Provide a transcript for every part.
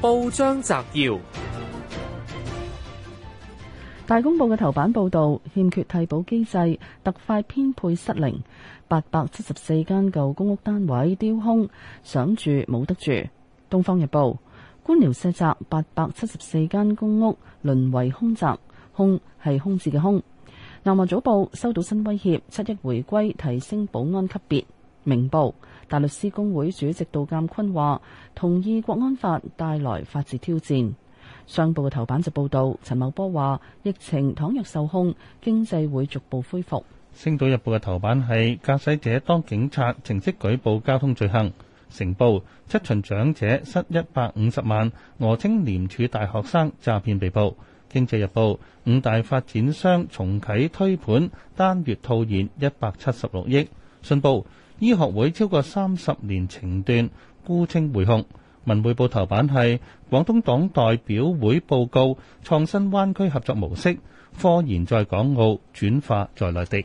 報章摘要：大公報嘅頭版報道，欠缺替補機制，特快編配失靈，八百七十四間舊公屋單位丟空，想住冇得住。東方日報官僚卸責，八百七十四間公屋淪為空宅，空係空置嘅空。南華早報收到新威脅，七一回歸提升保安級別。明報大律師公會主席杜淦堃話：同意《國安法》帶來法治挑戰。上報嘅頭版就報道，陳茂波話：疫情倘若受控，經濟會逐步恢復。星島日報嘅頭版係駕駛者當警察，程式舉報交通罪行。成報七旬長者失一百五十萬，訛稱廉署大學生詐騙被捕。經濟日報五大發展商重啟推盤，單月套現一百七十六億。信報醫學會超過三十年情斷，沽清回控。文匯報頭版係廣東黨代表會報告，創新灣區合作模式，科研在港澳，轉化在內地。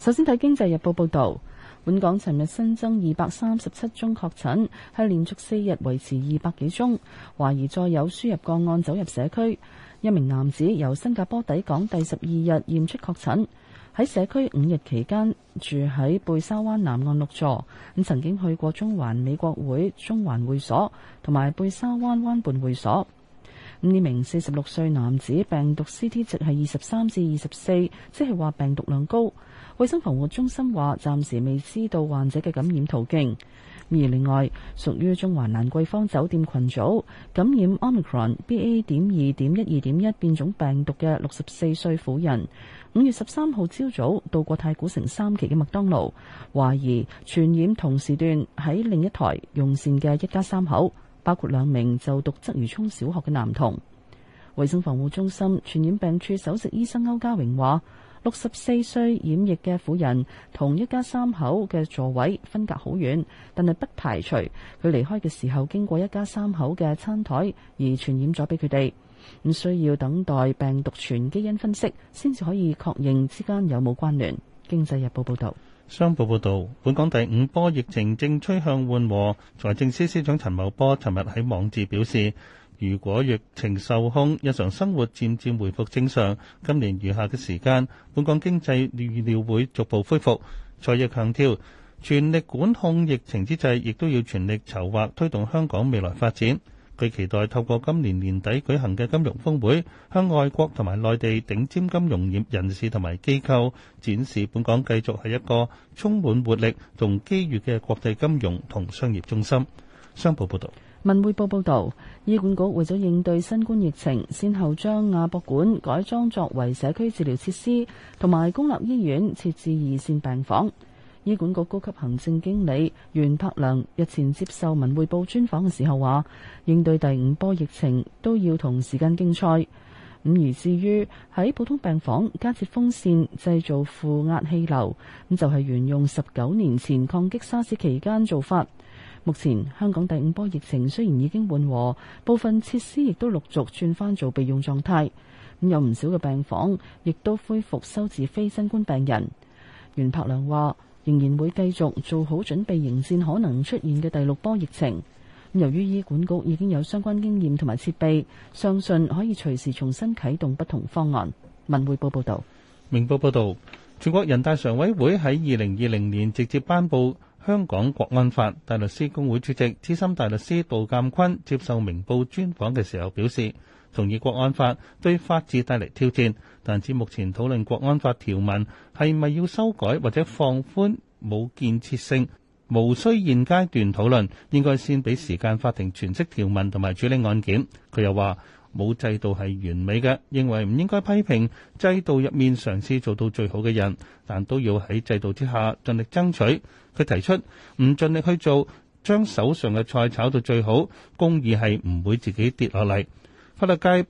首先睇經濟日報報道，本港尋日新增二百三十七宗確診，係連續四日維持二百幾宗，懷疑再有輸入個案走入社區。一名男子由新加坡抵港第十二日驗出確診。喺社區五日期間住喺貝沙灣南岸六座，咁曾經去過中環美國會、中環會所同埋貝沙灣灣畔會所。呢名四十六歲男子病毒 Ct 值係二十三至二十四，即係話病毒量高。衞生防護中心話暫時未知道患者嘅感染途徑。而另外屬於中環蘭桂坊酒店群組感染 Omicron BA. 點二點一二點一變種病毒嘅六十四歲婦人。五月十三號朝早到過太古城三期嘅麥當勞，懷疑傳染同時段喺另一台用膳嘅一家三口，包括兩名就讀鰂魚涌小學嘅男童。衛生防護中心傳染病處首席醫生歐家榮話，六十四歲染疫嘅婦人同一家三口嘅座位分隔好遠，但係不排除佢離開嘅時候經過一家三口嘅餐台而傳染咗俾佢哋。唔需要等待病毒全基因分析，先至可以確認之間有冇關聯。經濟日報報道，商報報道，本港第五波疫情正趨向緩和。財政司司長陳茂波尋日喺網誌表示，如果疫情受控，日常生活漸漸回復正常，今年餘下嘅時間，本港經濟預料會逐步恢復。財爺強調，全力管控疫情之際，亦都要全力籌劃推動香港未來發展。佢期待透過今年年底舉行嘅金融峰會，向外國同埋內地頂尖金融業人士同埋機構展示本港繼續係一個充滿活力同機遇嘅國際金融同商業中心。商報報導，文匯報報道：醫管局為咗應對新冠疫情，先後將亞博館改裝作為社區治療設施，同埋公立醫院設置二線病房。醫管局高級行政經理袁柏良日前接受《文匯報》專訪嘅時候話，應對第五波疫情都要同時間競賽。咁而至於喺普通病房加設風扇，製造負壓氣流，咁就係沿用十九年前抗擊沙士期間做法。目前香港第五波疫情雖然已經緩和，部分設施亦都陸續轉翻做備用狀態。咁有唔少嘅病房亦都恢復收治非新冠病人。袁柏良話。仍然會繼續做好準備，迎戰可能出現嘅第六波疫情。由於醫管局已經有相關經驗同埋設備，相信可以隨時重新啟動不同方案。文匯報報道，明報報道，全國人大常委會喺二零二零年直接頒布香港國安法。大律師公會主席資深大律師杜淦堃接受明報專訪嘅時候表示。同意國安法對法治帶嚟挑戰，但至目前討論國安法條文係咪要修改或者放寬，冇建設性，無需現階段討論，應該先俾時間法庭詮釋條文同埋處理案件。佢又話：冇制度係完美嘅，認為唔應該批評制度入面嘗試做到最好嘅人，但都要喺制度之下盡力爭取。佢提出唔盡力去做，將手上嘅菜炒到最好，公義係唔會自己跌落嚟。法律界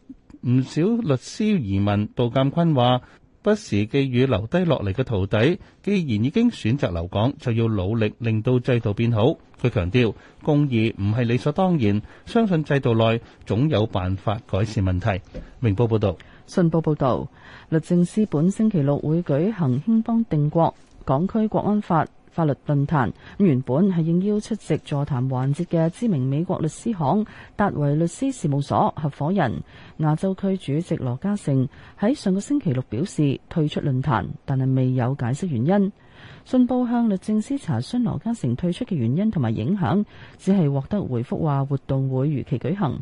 唔少律師移民杜鑒坤話不時寄語留低落嚟嘅徒弟，既然已經選擇留港，就要努力令到制度變好。佢強調，公義唔係理所當然，相信制度內總有辦法改善問題。明報報道，信報報道，律政司本星期六會舉行《興邦定國》港區國安法法律論壇，原本係應邀出席座談環節嘅知名美國律師行達維律師事務所合夥人亞洲區主席羅嘉誠喺上個星期六表示退出論壇，但係未有解釋原因。信報向律政司查詢羅嘉誠退出嘅原因同埋影響，只係獲得回覆話活動會如期舉行。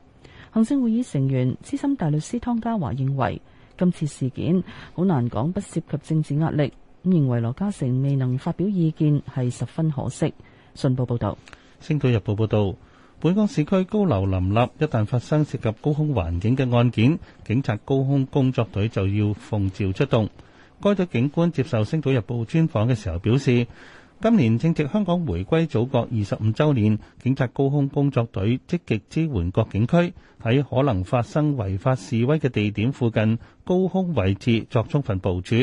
行政會議成員資深大律師湯家驊認為今次事件好難講不涉及政治壓力。認為羅家成未能發表意見係十分可惜。信報報道，《星島日報》報道，本港市區高樓林立，一旦發生涉及高空環境嘅案件，警察高空工作隊就要奉召出動。該隊警官接受《星島日報》專訪嘅時候表示，今年正值香港回歸祖國二十五週年，警察高空工作隊積極支援各警區喺可能發生違法示威嘅地點附近高空位置作充分部署。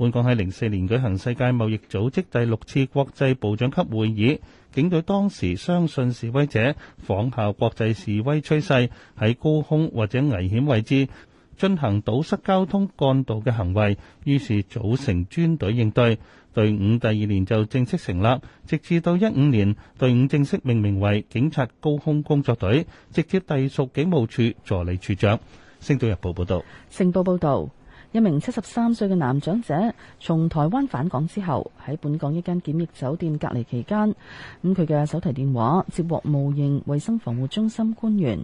萬港在04年舉行世界貿易組織第6次國際部長級會議。警隊當時相信示威者防效國際示威催眩，在高空或者危險位置遵行導勢交通干度的行為，於是組成專隊應對對一名七十三歲嘅男長者從台灣返港之後，喺本港一間檢疫酒店隔離期間，咁佢嘅手提電話接獲冒認衛生防護中心官員，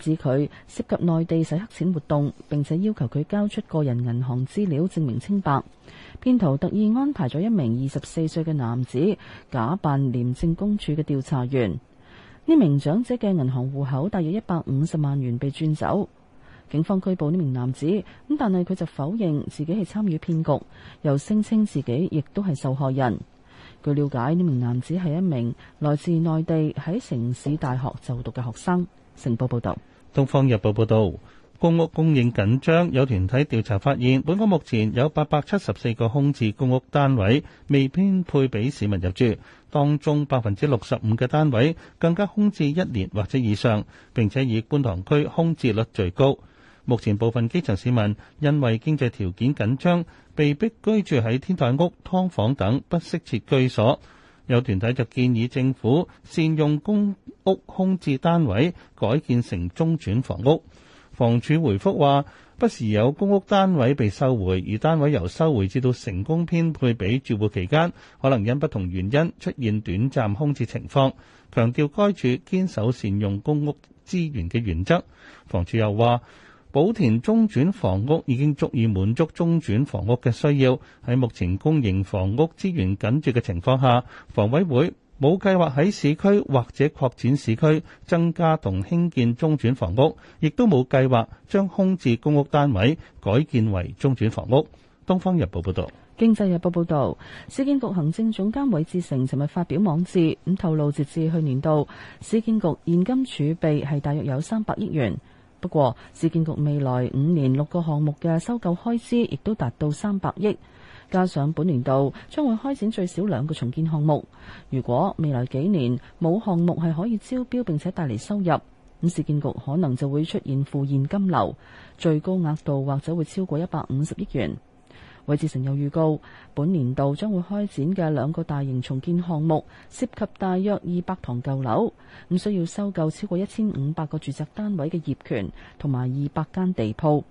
指佢涉及內地洗黑錢活動，並且要求佢交出個人銀行資料證明清白。騙徒特意安排咗一名二十四歲嘅男子假扮廉政公署嘅調查員。呢名長者嘅銀行戶口大約一百五十萬元被轉走。警方拘捕呢名男子，咁但係佢就否認自己係參與騙局，又聲稱自己亦都係受害人。據了解，呢名男子係一名來自內地喺城市大學就讀嘅學生。《成報》報道，《東方日報》報道，公屋供應緊張，有團體調查發現，本港目前有八百七十四個空置公屋單位未編配畀市民入住，當中百分之六十五嘅單位更加空置一年或者以上，並且以觀塘區空置率最高。目前部分基層市民因為經濟條件緊張，被迫居住喺天台屋、劏房等不適切居所。有團體就建議政府善用公屋空置單位，改建成中轉房屋。房署回覆話：不時有公屋單位被收回，而單位由收回至到成功編配俾住戶期間，可能因不同原因出現短暫空置情況。強調該署堅守善用公屋資源嘅原則。房署又話。寶田中轉房屋已經足以滿足中轉房屋嘅需要。喺目前公營房屋資源緊缺嘅情況下，房委會冇計劃喺市區或者擴展市區增加同興建中轉房屋，亦都冇計劃將空置公屋單位改建為中轉房屋。《東方日報》報導。《經濟日報》報導，市建局行政總監韋志成尋日發表網誌，咁透露截至去年度，市建局現金儲備係大約有三百億元。不過，市建局未來五年六個項目嘅收購開支亦都達到三百億，加上本年度將會開展最少兩個重建項目。如果未來幾年冇項目係可以招標，並且帶嚟收入，咁市建局可能就會出現負現金流，最高額度或者會超過一百五十億元。韋志成又預告，本年度將會開展嘅兩個大型重建項目，涉及大約二百幢舊樓，咁需要收購超過一千五百個住宅單位嘅業權，同埋二百間地鋪。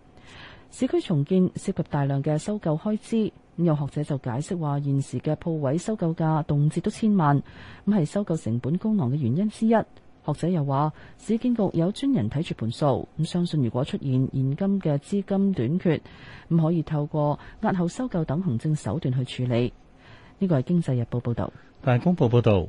市區重建涉及大量嘅收購開支，咁有學者就解釋話，現時嘅鋪位收購價動輒都千萬，咁係收購成本高昂嘅原因之一。學者又話，市建局有專人睇住盤數咁，相信如果出現現金嘅資金短缺，唔可以透過押後收購等行政手段去處理。呢個係《經濟日報》報導。大公報報導，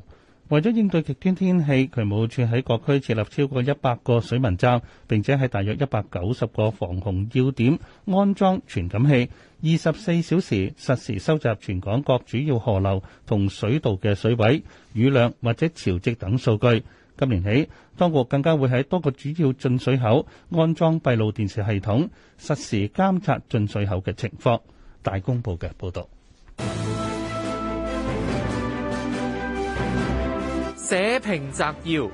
為咗應對極端天，天氣，渠務處喺各區設立超過一百個水文站，並且喺大約一百九十個防洪要點安裝傳感器，二十四小時實時收集全港各主要河流同水道嘅水位、雨量或者潮汐等數據。今年起，當局更加會喺多個主要進水口安裝閉路電視系統，實時監察進水口嘅情況。大公報嘅報導。社評摘要：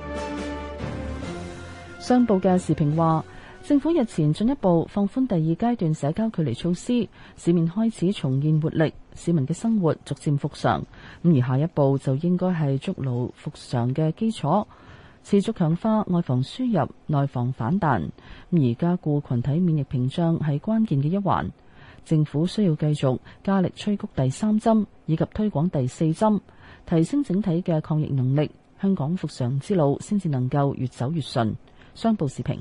商報嘅時評話：政府日前進一步放寬第二階段社交距離措施，市面開始重現活力，市民嘅生活逐漸復常。咁而下一步就應該係捉牢復常嘅基礎。持續強化外防輸入、內防反彈。而加固群體免疫屏障係關鍵嘅一環，政府需要繼續加力催谷第三針，以及推廣第四針，提升整體嘅抗疫能力。香港復常之路先至能夠越走越順。商報時評，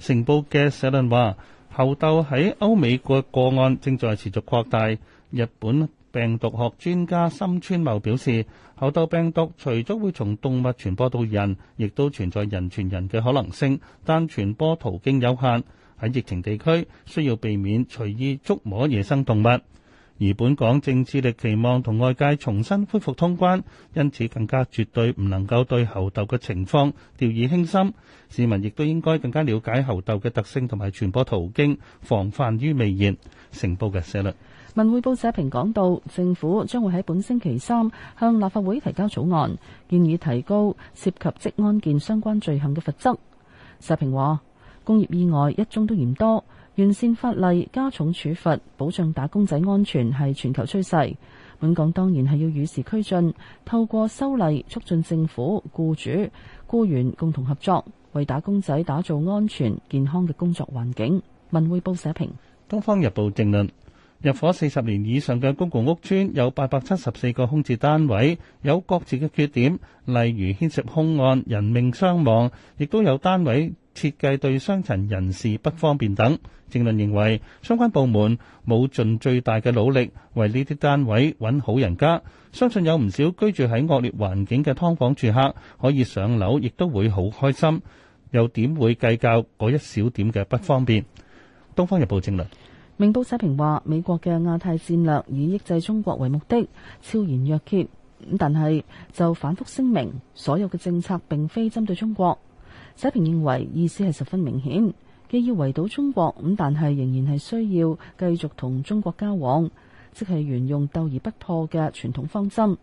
成報嘅社論話，猴痘喺歐美國個案正在持續擴大，日本，病毒學專家森川茂表示，猴痘病毒除咗會從動物傳播到人，亦都存在人傳人嘅可能性，但傳播途徑有限。喺疫情地區，需要避免隨意觸摸野生動物。而本港正致力期望同外界重新恢復通關，因此更加絕對唔能夠對猴痘嘅情況掉以輕心。市民亦都應該更加了解猴痘嘅特性同埋傳播途徑，防範於未然。成報嘅社律。文匯報社評講到，政府將會喺本星期三向立法會提交草案，建議提高涉及職安健相關罪行嘅罰則。社評話，工業意外一宗都嫌多，完善法例加重處罰，保障打工仔安全係全球趨勢。本港當然係要與時俱進，透過修例促進政府、僱主、僱員共同合作，為打工仔打造安全健康嘅工作環境。文匯報社評，《東方日報》正論。入伙四十年以上嘅公共屋邨有八百七十四個空置單位，有各自嘅缺點，例如牽涉凶案、人命傷亡，亦都有單位設計對傷殘人士不方便等。政論認為相關部門冇盡最大嘅努力為呢啲單位揾好人家，相信有唔少居住喺惡劣環境嘅劏房住客可以上樓，亦都會好開心，又點會計較嗰一小點嘅不方便？《東方日報》正論。明報社評話，美國嘅亞太戰略以抑制中國為目的，昭然若揭咁，但係就反覆聲明，所有嘅政策並非針對中國。社評認為意思係十分明顯，既要圍堵中國咁，但係仍然係需要繼續同中國交往，即係沿用鬥而不破嘅傳統方針。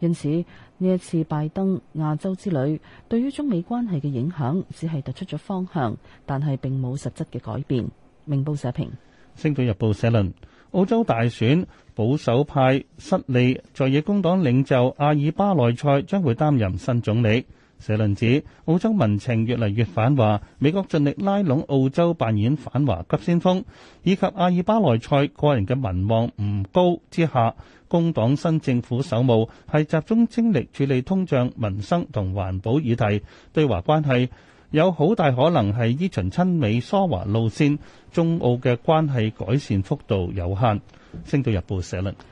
因此呢一次拜登亞洲之旅，對於中美關係嘅影響只係突出咗方向，但係並冇實質嘅改變。明報社評。《星島日報》社論澳洲大選保守派失利，在野工黨領袖阿爾巴內塞將會擔任新總理。社論指澳洲民情越嚟越反華，美國盡力拉攏澳洲扮演反華急先鋒，以及阿爾巴內塞個人嘅民望唔高之下，工黨新政府首務係集中精力處理通脹民生同環保議題，對華關係。有好大可能係依循親美疏華路線，中澳嘅關係改善幅度有限。星島日報社論。Sellen